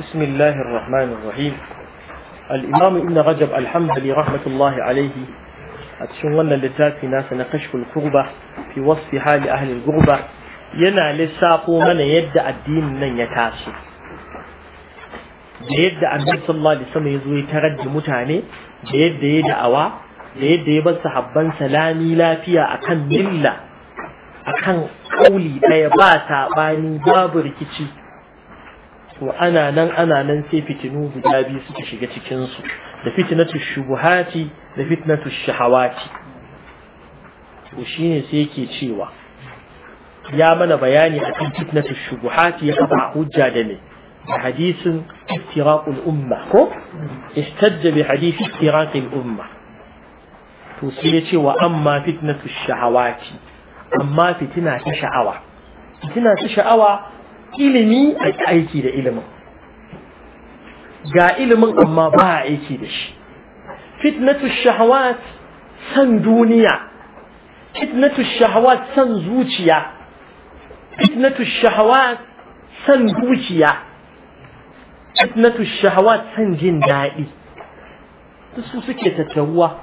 بسم الله الرحمن الرحيم الإمام ابن رجب الحنبلي رحمة الله عليه أتشغلنا لتاتي ناس نقشف القربة في وصف حال أهل القربة ينا لساقو من يدعى الدين من يتاسو da yadda annabi sallallahu alaihi wasallam ya zo ya tarar da mutane da yadda ya da'awa da yadda ya bar sahabban salami lafiya akan milla akan kauli daya ba sabani babu rikici to ana nan ana nan sai fitinu guda biyu suka shiga cikin su da fitnatu shubuhati da fitnatu shahawati to shine sai yake cewa ya mana bayani a kan fitnatu shubuhati ya kafa hujja da ne hadisin istiraqul umma ko istajja bi hadisi umma to sai ya ce wa amma توسيتي shahawati amma fitina ta sha'awa fitina ta sha'awa ilimi a aiki da ilimin ga ilimin amma ba a aiki da shi fitnatu shahawat san duniya fitnatu shahawat san zuciya fitnatu shahawat san zuciya fitnatu shahawat san jin daɗi su suke tattaruwa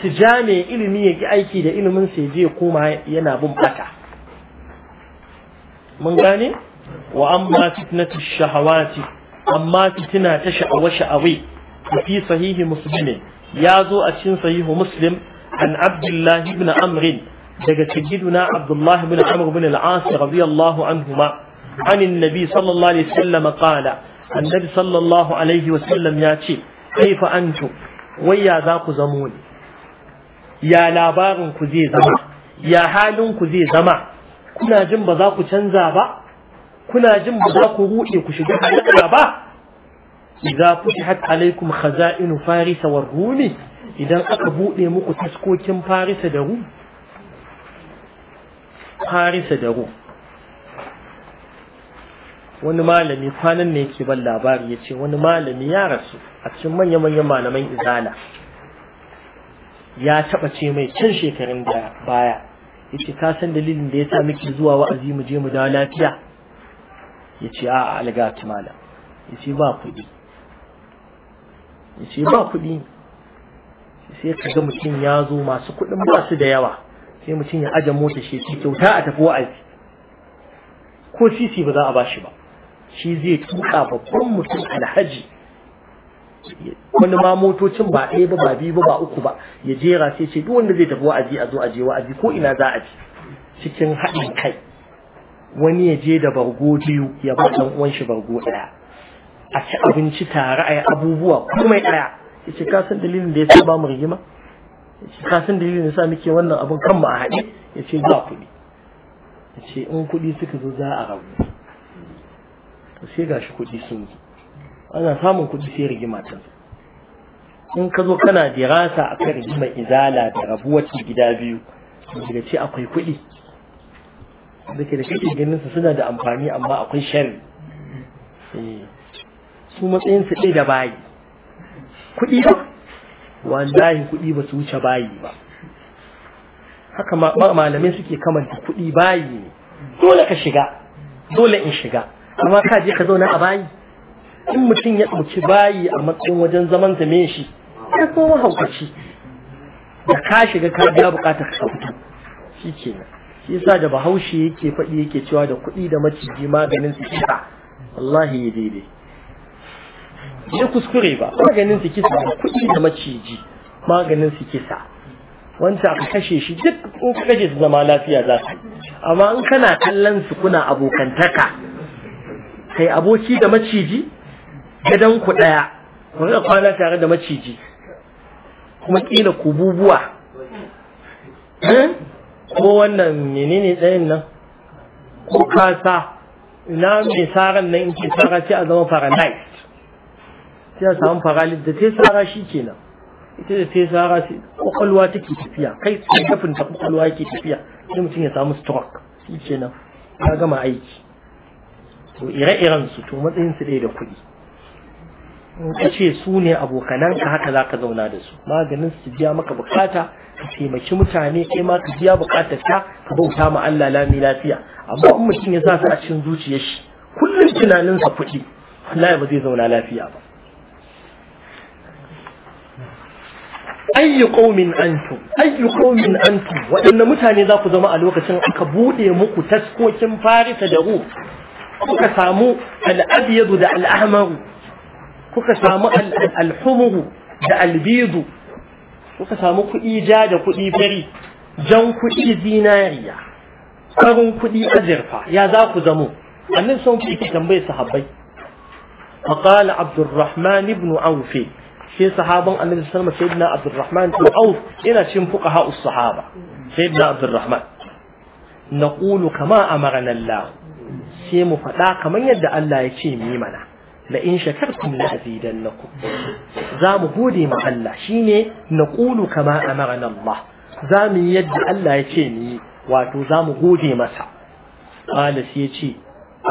su ja mai ilimi ya aiki da ilimin sai je koma yana bin bata mun gane wa amma fitnatu shahawati amma fitina ta sha'awa sha'awi fi sahihi muslim ya zo a cikin sahihu muslim an abdullahi bin Amrin, daga sayyiduna abdullahi ibn amr ibn al-as radiyallahu anhuma Annabi, sallallahu صلى الله عليه وسلم قال النبي صلى za ku وسلم ياتي كيف أنتم ويا ذاك زمون يا لابار كزي zai zama? Kuna jin ba za ku canza ba? kuna jin ba ku ruɗe ku shiga halaka ba idza futihat alaikum khaza'in faris wa rumi idan aka buɗe muku taskokin farisa da rum farisa da rum wani malami kwanan ne yake ban labari yace wani malami ya rasu a cikin manya-manyan malaman izala ya taɓa ce mai can shekarun da baya ita ka san dalilin da yasa muke zuwa wa'azi mu je mu dawo lafiya ya ce a malam ya ce ba kuɗi ya ce ba kuɗi sai ka ga mutum ya zo masu kuɗin basu da yawa sai mutum ya aje mota shi ce kyauta a tafi wa'azi ko sisi ba za a bashi ba shi zai tuka babban mutum alhaji wani ma motocin ba ɗaya ba ba biyu ba ba uku ba ya jera sai ce duk wanda zai tafi wa'azi a zo a je wa'azi ko ina za a ji, cikin haɗin kai wani ya je da bargo biyu ya ba dan uwan shi bargo daya a ci abinci tare a yi abubuwa komai daya yace ka san dalilin da yasa ba mu rigima yace ka san dalilin da yasa muke wannan abun kan mu a haɗe yace ba kuɗi yace in kuɗi suka zo za a rabu to sai gashi kuɗi sun zo ana samun kuɗi sai rigima can in ka zo kana dirasa kan rigima izala da rabuwar gida biyu daga ce akwai kuɗi da ke da kake ganin sa suna da amfani amma akwai shan eh, su matsayin su ɗaya da bayi kuɗi ba wallahi kuɗi ba su wuce bayi ba haka malamai suke kamanta kuɗi bayi ne dole ka shiga dole in shiga amma ka je ka zauna a bayi in mutum ya ɗauki bayi a matsayin wajen zaman zame shi ya kuma mahaukaci da ka shiga ka biya bukatar ka fito shi kenan shi yasa da bahaushe yake faɗi yake cewa da kuɗi da maciji maganin su kisa wallahi ya daidai ya kuskure ba maganin su kisa da kuɗi da maciji maganin su kisa wanda aka kashe shi duk in ka kashe su zama lafiya za su amma in kana kallon su kuna abokantaka kai aboki da maciji gadon ku ɗaya ku riƙa kwana tare da maciji kuma kila ku bubuwa eh? ko wannan menene ɗayan nan ko kasa ina mai saran nan in ce sara sai a zama paralyzed sai a samu paralyzed da ta sara shi kenan ita da ta sara sai kwakwalwa take tafiya kai tsaye kafin ta kwakwalwa ke tafiya sai mutum ya samu stroke shi kenan ya gama aiki to ire-iren su to matsayin su ɗaya da kuɗi in ka ce su ne abokanan ka haka za ka zauna da su maganin su biya maka bukata ka taimaki mutane kai ma ka biya bukatar ta ka bauta ma Allah lami lafiya amma in mutum ya sa su a cikin zuciyar shi kullum tunanin sa kuɗi Allah ba zai zauna lafiya ba ayyu qaumin antum ayyu qaumin antum wadanne mutane za ku zama a lokacin aka bude muku taskokin farisa da ru kuka samu al-abyadu da al-ahmaru kuka samu alhumuhu da albidu kuka samu kuɗi ja da kuɗi fari jan kuɗi zinariya karin kuɗi azurfa ya za ku zamo annin sun kuɗi ke tambaye sahabbai فقال عبد الرحمن بن aufe? sai sahaban annabi sallallahu alaihi wasallam sayyidina abdurrahman bin aufe? ina cikin fuqaha us-sahaba sayyidina abdurrahman naqulu kama a Allah sai mu faɗa kamar yadda Allah ya ce mu mana la in shakartum la azidannakum za mu gode ma Allah shine naqulu kama amarna Allah za mu yadda Allah ya ce ni wato za mu gode masa qala shi ya ce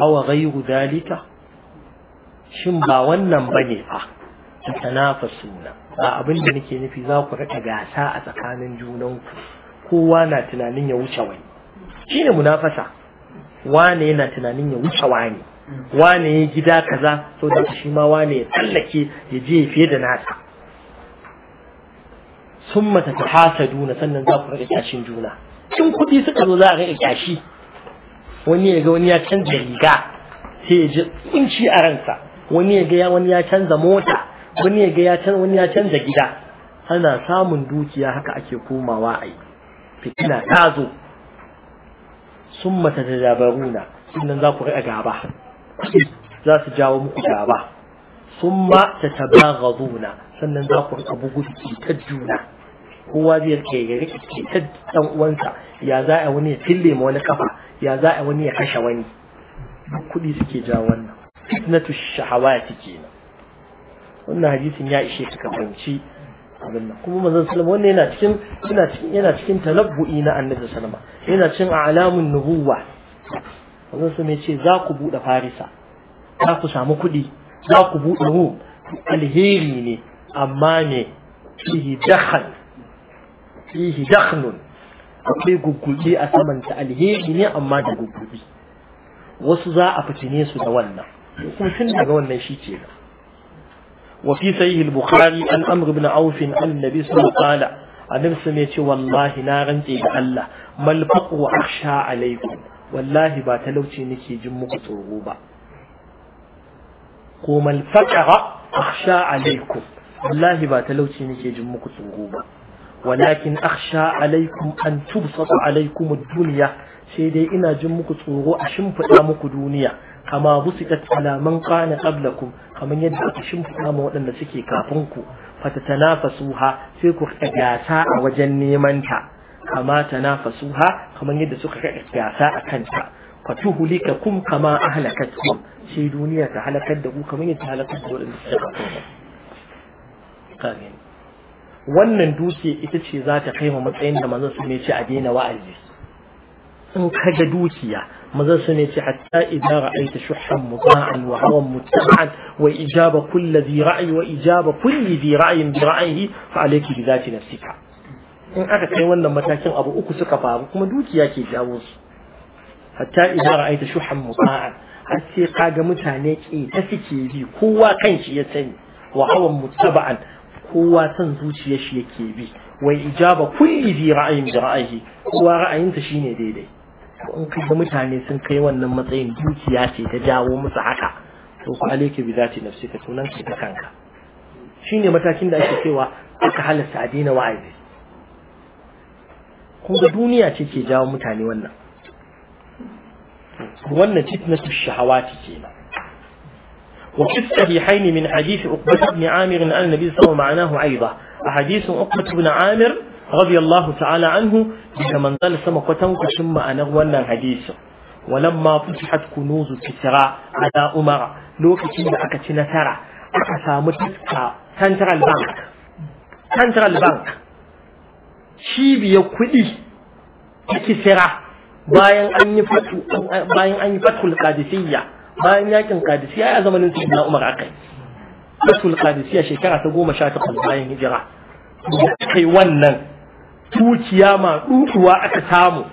awa ghayru dalika shin ba wannan bane fa tanafasuna ba abin da nake nufi za ku rika gasa a tsakanin junanku kowa na tunanin ya wuce wani shine munafasa wane yana tunanin ya wuce wani wane ya gida kaza sau da shi ma wane ya tsallake ya je fiye da nasa sun mata ta hasa duna sannan za ku rage kyashin juna cin kuɗi suka zo za a rage kyashi wani ya ga wani ya canza riga sai ya ji kunci a ransa wani ya ga wani ya canza mota wani ya ga wani ya canza gida ana samun dukiya haka ake komawa a yi fitina ta zo sun mata ta dabaruna sannan za ku rage gaba za su jawo muku gaba summa tatabaghaduna sannan za ku rika bugu cutar juna kowa zai rike ya rike dan uwansa ya za a wani ya tille ma wani kafa ya za a wani ya kashe wani duk kudi suke jawo wannan fitnatu shahawati kenan wannan hadisin ya ishe ka fahimci abin nan kuma manzon sallama wannan yana cikin yana cikin yana cikin talabbu'i na annabi sallama yana cikin alamun nubuwa wanzan su mai ce za ku buɗe farisa za ku samu kuɗi za ku buɗe rum alheri ne amma ne fihi dakhan fihi dakhnun akwai gugguɗi a saman ta alheri ne amma da gugguɗi wasu za a fitine su da wannan kuma tun daga wannan shi ke nan وفي سيه البخاري عن أمر بن عوف عن النبي صلى الله عليه وسلم قال أنرسم يتي والله نارا إلى الله ما الفقر أخشى عليكم wallahi ba talauci nake jin muku tsoro ba ko mal akhsha wallahi ba talauci nake jin muku tsoro ba walakin akhsha alaikum an tubsata alaikum ad-dunya sai dai ina jin muku tsoro a shimfida muku duniya kama busikat ala man qana qablakum kaman yadda aka shimfida ma waɗanda suke kafin ku fatatanafa suha sai ku gasa a wajen neman ta kamata na fasuha kamar yadda suka kai gasa a kanta kum kama ahlakatkum shi duniya ta halakar da ku kamar yadda halakar da wadanda suka kafa kamin wannan dukiya ita ce za ta kai wa matsayin da manzon sun ce a daina wa'azi in ka ga dukiya su ne ce hatta idan ra'aita shuhhan muta'an wa hawan muta'an wa ijaba kulli dhi ra'yi wa ijaba kulli bi ra'ayin bi ra'yihi fa alayki bi dhati nafsika in aka kai wannan matakin abu uku suka faru kuma dukiya ke jawo su hatta idan ra'aita shuhan muta'a har sai kaga mutane ke ta suke bi kowa kanshi ya sani wa hawan mutaba'an kowa san zuciyar shi yake bi wai ijaba kulli bi ra'ayin bi ra'ayi kowa ra'ayinta shine daidai in kaga mutane sun kai wannan matsayin dukiya ce ta jawo musu haka to ku alayka bi zati nafsika tunan ka kanka shine matakin da ake cewa aka halasta adina wa'azi kuga duniya ce ke jawo mutane wannan wannan cik na su shahawa cike na wakil sahi haini min hadisi ukbatu ibn amir na annabi sama ma'anahu aiba a hadithin ukbatu ibn amir radiyallahu ta'ala anhu daga manzana sama kwatan kushin ma'anar wannan hadisi. walan ma fi hat kunuzu fitira a da umar lokacin da aka ci nasara aka samu tiska central bank central bank cibiyar kuɗi ta kisira bayan an yi fatu bayan an yi fatul qadisiyya bayan yakin qadisiyya ya zamanin sayyidina Umar akai fatul qadisiyya shekara ta 18 bayan hijira kai wannan tuciya ma dutuwa aka samu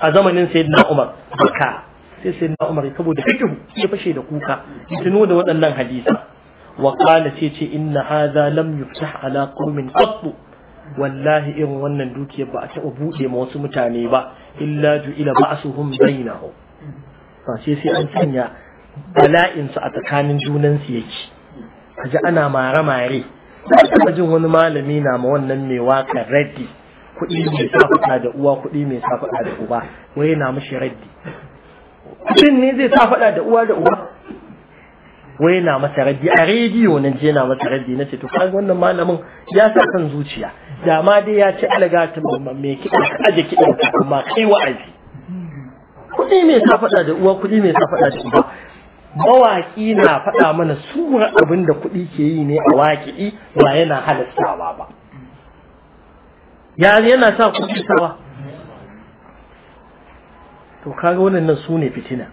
a zamanin sayyidina Umar baka sai sayyidina Umar saboda fikihu ya fashe da kuka ya tuno da waɗannan hadisa wa qala sai ce inna hadha lam yuftah ala qaumin qattu wallahi irin wannan dukiyar ba a taɓa buɗe ma wasu mutane ba illa ju'ila ba'suhum bainahum ba sai sai an sanya bala'insu a tsakanin junansu yake ji ana mare mare ba jin wani malami na ma wannan mai waka raddi kuɗi mai safaɗa da uwa kuɗi mai safaɗa da uba wai na mishi raddi kuɗin ne zai safaɗa da uwa da uba wai na masa raddi a rediyo na je na masa raddi na ce to kai wannan malamin ya sa kan zuciya da ma dai ya ce alaga ta me kiɗa ka aje kiɗa ka kuma kai wa'azi kuɗi me sa faɗa da uwa kuɗi me sa faɗa da uba mawaƙi na faɗa mana sura abin da kuɗi ke yi ne a waƙi'i ba yana halastawa ba ya yana sa kuɗi sawa to kaga wannan su ne fitina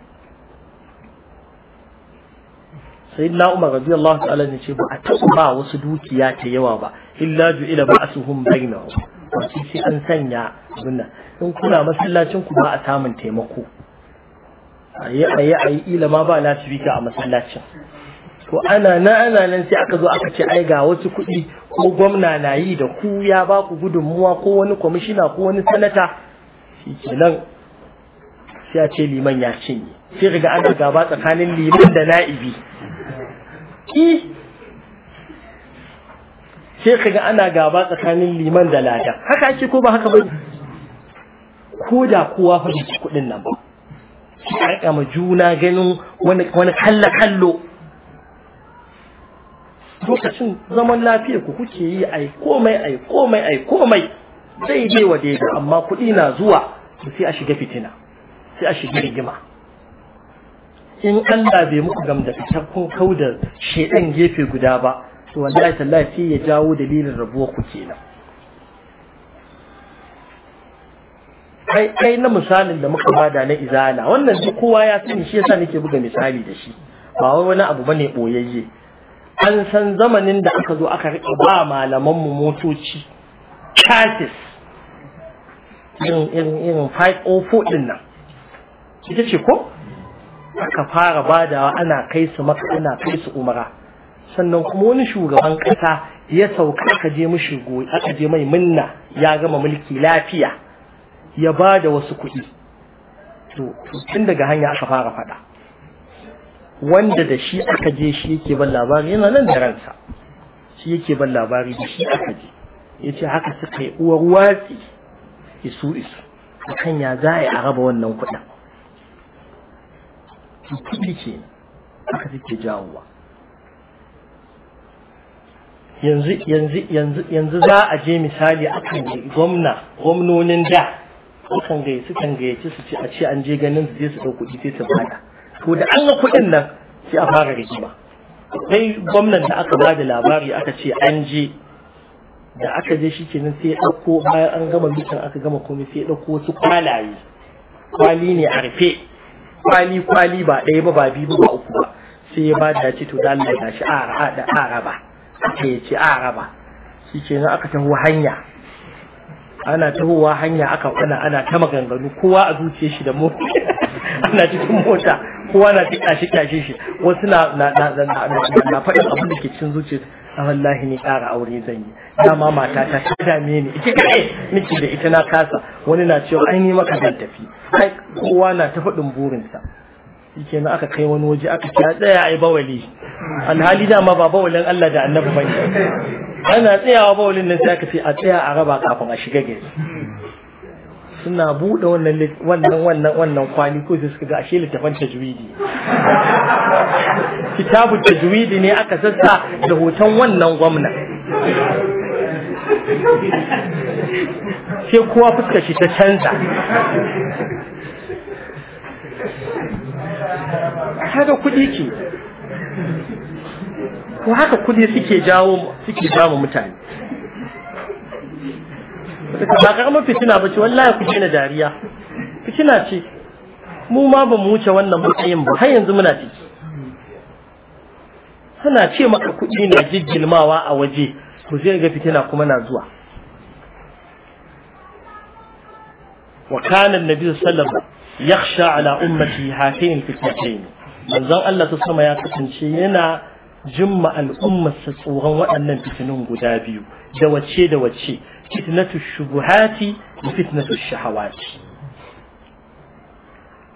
sayyidina umar Allah ta'ala ne ce ba a taɓa ba wasu dukiya ta yawa ba illa ju'ila ba'suhum ba, wasu shi an sanya abinnan in kuna masallacin ku ba a samun taimako A yi yi ayi ayi ila ma ba lasifika a masallacin to ana na ana nan sai aka zo aka ce ai ga wasu kuɗi ko gwamna na yi da ku ya ba ku gudunmuwa ko wani kwamishina ko wani sanata shi kenan sai a ce liman ya cinye sai riga ana gaba tsakanin liman da na'ibi i sai kaga ana gaba tsakanin liman da ladan haka ake ko ba haka ba ko da kowa fa kuɗin nan ba a juna ganin wani wani kalla kallo lokacin zaman lafiya ku kuke yi ai komai ai komai ai komai dai wa daidai amma kuɗi na zuwa sai a shiga fitina sai a shiga rigima in Allah bai muku gamda fitar kun kau da shedan gefe guda ba to wallahi tallahi sai ya jawo dalilin rabuwa ku kenan Kai kai na misalin da muka bada na izala wannan duk kowa ya sani shi yasa nake buga misali da shi ba wai wani abu bane boyayye an san zamanin da aka zo aka rike ba malaman mu motoci chassis irin irin irin 504 din nan kike ce ko aka fara badawa ana kai su maka ana kai su umara sannan kuma wani shugaban kasa ya sauka aka je mishi aka je mai minna ya gama mulki lafiya ya ba da wasu kuɗi to tun daga hanya aka fara faɗa wanda da shi aka je shi yake ban labari yana nan da ransa shi yake ban labari da shi aka je ya ce haka suka yi uwar watsi isu isu kan ya za a raba wannan kuɗin yanzu za a je misali akan gwamna gwamnonin da sukan gaya sukan gayyaci su ce a ce an je ganin su je su ɗau kuɗi sai su bada to da an ga kuɗin nan sai a fara rigima akwai gwamnan da aka ba da labari aka ce an je da aka je shi kenan sai ɗauko bayan an gama mutan aka gama komai sai ɗauko wasu kwalaye kwali ne a rufe kwali kwali ba ɗaya ba ba biyu ba uku ba sai ya bada ya ce to da Allah ya shi araba sai ya ce araba shi ke nan aka taho hanya ana tahowa hanya aka kwana ana ta maganganu kowa a zuciya shi da mota ana cikin mota kowa na ta kashe kashe shi wasu na na na na faɗin abin da ke cin zuciya a ah, wallahi ni ƙara aure zan yi dama mata ta ta dame ni ita kaɗai nake da ita na kasa wani na cewa ai ni maka zan tafi ai kowa na ta faɗin burinsa shi aka kai wani waje aka ce a tsaya a yi bawali alhali dama ba bawalin Allah da annabi bane ana tsayawa bawalin nan sai aka ce a tsaya a raba kafin a shiga gari suna buɗe wannan wannan wannan wannan ko sai suka ga ashe littafan tajwidi kitabu tajwidi ne aka sassa da hoton wannan gwamna sai kowa fuskar ta canza kaga kuɗi ke ko haka kuɗi suke jawo suke jawo mutane ba karamar fitina ba ce wallahi ku na dariya fitina ce mu ma ba mu wuce wannan matsayin ba har yanzu muna ciki suna ce maka kuɗi na jijjilmawa a waje ku zai ga fitina kuma na zuwa wa kana annabi sallallahu alaihi wasallam yakhsha ala ummati hatin fitnatayn manzon Allah ta sama ya kasance yana jimma al'ummarsa tsoron waɗannan fitinin guda biyu da wace da wace fitnatu shubuhati da fitnatu shahawati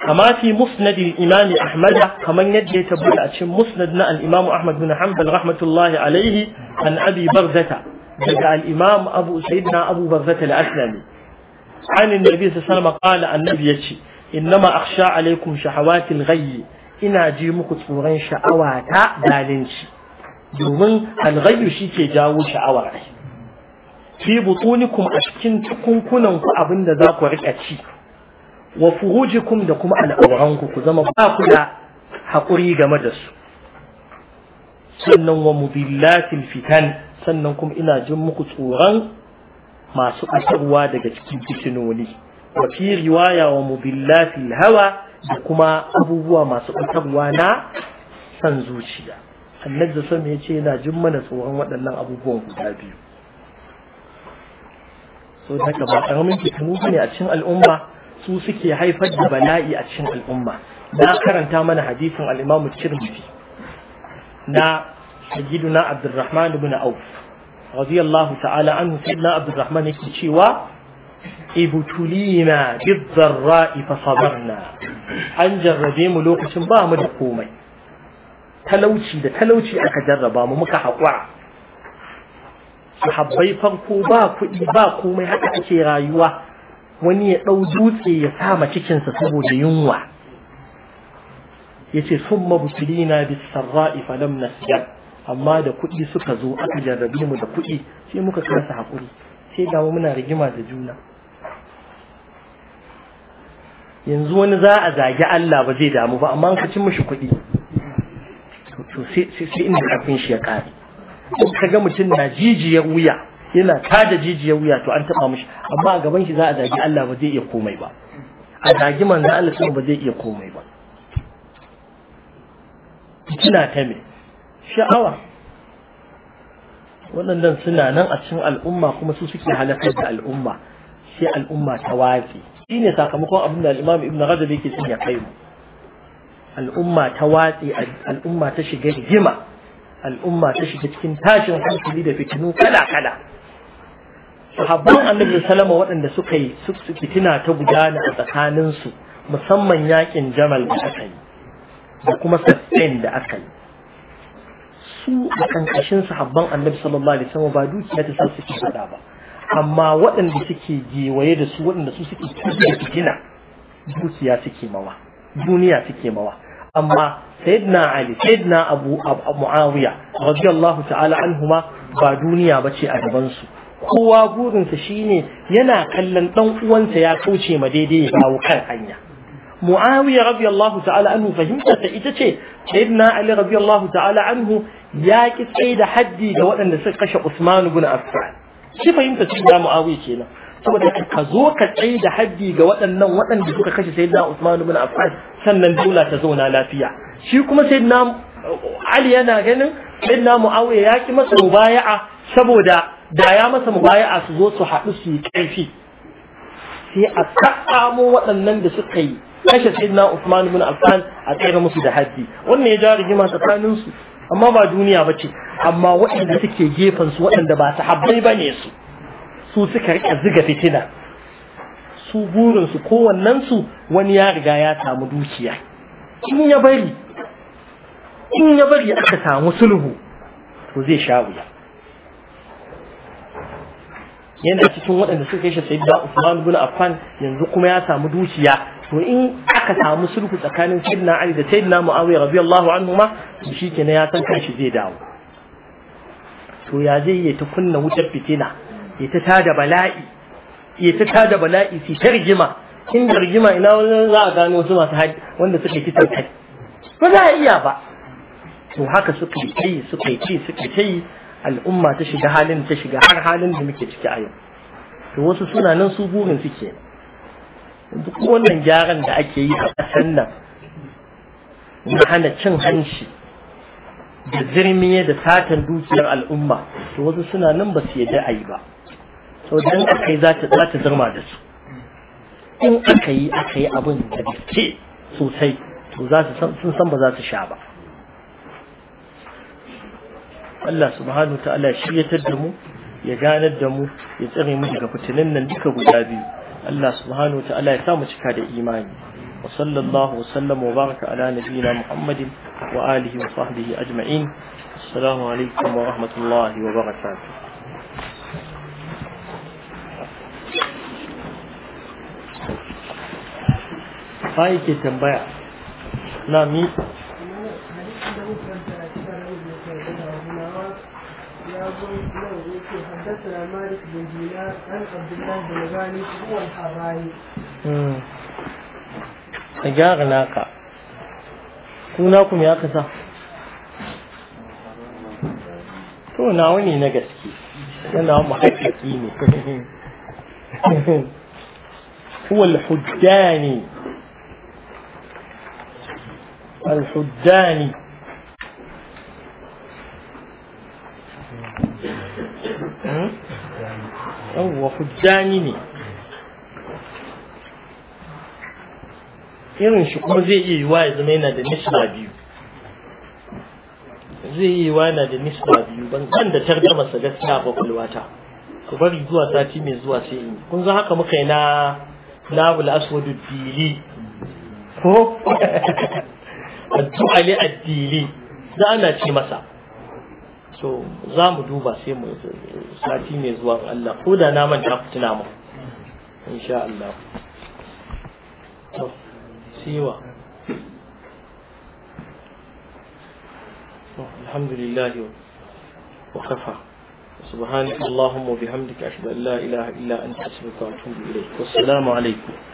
kama fi musnadin imam ahmad kaman yadda ya tabbata a cikin musnad na al-imam ahmad bin hanbal rahmatullahi alaihi an abi barzata daga al-imam abu sayyidina abu barzata al-aslami عن النبي صلى الله عليه وسلم قال النبي يتشي إنما أخشى عليكم شهوات الغي ina ji muku tsoron sha'awa ta zalunci domin alghayyu shi ke jawo sha'awar ai fi butunikum a cikin tukunkunan ku abinda za ku rika ci wa furujikum da kuma al'auran ku zama ba ku da haƙuri game da su sannan wa mudillatil fitan sannan kuma ina jin muku tsoron masu asarwa daga cikin fitinoni wa fi riwaya wa mudillatil hawa da kuma abubuwa masu ɓatarwa na san zuciya annabi da sami ya ce yana jin mana tsoron waɗannan abubuwan guda biyu so daga ba ƙaramin fitinu ne a cikin al'umma su suke haifar da bala'i a cikin al'umma na karanta mana hadisin al'imamu tirmidhi na sayyiduna abdurrahman ibn auf radiyallahu ta'ala anhu sayyidina abdurrahman yake cewa ibtulina bidzarra'i fa sabarna an jarrabe mu lokacin ba mu da komai talauci da talauci aka jarraba mu muka haƙura sahabbai farko ba kuɗi ba komai haka ake rayuwa wani ya ɗau dutse ya sama cikinsa saboda yunwa ya ce sun mabutulina bisarra'i falam nasiyar amma da kuɗi suka zo aka jarrabe mu da kuɗi sai muka kasa haƙuri sai damu muna rigima da juna yanzu wani za a zagi Allah ba zai damu ba amma ka cin mishi kuɗi to sai inda kafin shi ya ƙare in ka ga mutum na jijiyar wuya yana tada jijiyar wuya to an taɓa mishi amma a gaban shi za a zagi Allah ba zai iya komai ba a zagi manzo Allah sun ba zai iya komai ba kina ta me sha'awa waɗannan suna nan a cikin al'umma kuma su suke halakar da al'umma sai al'umma ta watsi Sine sakamakon abin da al-Imam Ibn Rajab yake son ya kai al'umma ta watsi al'umma ta shiga rigima al'umma ta shiga cikin tashin hankali da fitinu kala kala sahabban annabi sallama waɗanda suka yi fitina ta gudana a tsakaninsu musamman yakin jamal da aka yi da kuma sassain da aka yi su a kankashin sahabban annabi sallallahu alaihi wasallam ba dukiya ta sa suke guda ba amma waɗanda suke gewaye da su waɗanda su suke tafiya fitina dukiya suke mawa duniya suke mawa amma sayyidina ali sayyidina abu muawiya radiyallahu ta'ala anhuma ba duniya ce a gaban su kowa burinsa shine yana kallon dan uwansa ya kauce ma daidai ya dawo kan hanya muawiya radiyallahu ta'ala anhu fahimta ta ita ce sayyidina ali radiyallahu ta'ala anhu ya ki tsaye da haddi ga waɗanda suka kashe usman ibn affan shi fahimta sun da mu'awiya kenan saboda ka zo ka tsaye da haddi ga waɗannan waɗanda suka kashe na Usman ibn Affan sannan dola ta zauna lafiya shi kuma na uh, Ali yana ganin sayyidina Muawiya ya ki masa mubaya'a saboda da ya masa mubaya'a su zo su haɗu su yi ƙarfi sai a kaɗamo waɗannan da suka yi kashe na Usman ibn Affan a tsere musu da haddi wannan ya ja rigima tsakanin su amma ba duniya ba ce amma waɗanda suke gefansu su waɗanda ba su habbai ba ne su su suka rika ziga fitina su burinsu su wani ya riga ya samu dukiya in ya bari in ya bari aka samu sulhu to zai sha wuya yana cikin waɗanda suka yi shi sai da Usman bin Affan yanzu kuma ya samu dukiya to in aka samu sulhu tsakanin sayyidina Ali da sayyidina Muawiya radiyallahu anhuma shi ne ya san kashi zai dawo to ya zai yi ta kunna wutar fitina ya ta tada bala'i ya ta tada bala'i ta rigima ina wannan za a gano su masu haji wanda suka kitan kai ba za a iya ba to haka suka yi kai suka yi kai suka kai al'umma ta shiga halin ta shiga har halin da muke ciki a yau to wasu suna su burin suke kenan duk wannan gyaran da ake yi a ƙasar nan na hana cin hanci da zirmiye da satan dukiyar al'umma to wasu suna nan ba su yadda a yi ba sau da aka yi za ta zirma da su in aka yi aka yi abin da gaske sosai to za su sun san ba za su sha ba Allah subhanahu ta'ala shi ya da mu ya ganar da mu ya tsare mu daga fitinin nan duka guda biyu Allah subhanahu wa ta'ala ya sa mu cika da imani wa sallallahu wa sallam wa baraka ala nabiyyina Muhammadin wa alihi wa sahbihi ajma'in assalamu alaikum wa rahmatullahi wa barakatuh ba yake tambaya na mi أبو إسماعيل حدثنا مالك بن دينار عن عبد الله بن غالب هو الحراني. امم. أجاغ ناقة. كوناكم يا قصة. to nawa ne na gaske yana wa hujjani ne irin shi kuma zai iya yiwa ya zama yana da nisba biyu zai iya yiwa yana da nisba biyu ban kan da tarjama sa gaskiya ba kulwata ku bari zuwa sati mai zuwa sai in kun zo haka muka yi na labul aswadu dili ko addu'a li addili da ana ce masa so za mu duba sai mu sati mai zuwa Allah ko da na manta ku tuna mu insha Allah to siwa alhamdulillah wa kafa سبحانك اللهم وبحمدك أشهد أن لا إله إلا أنت أستغفرك وأتوب إليك والسلام عليكم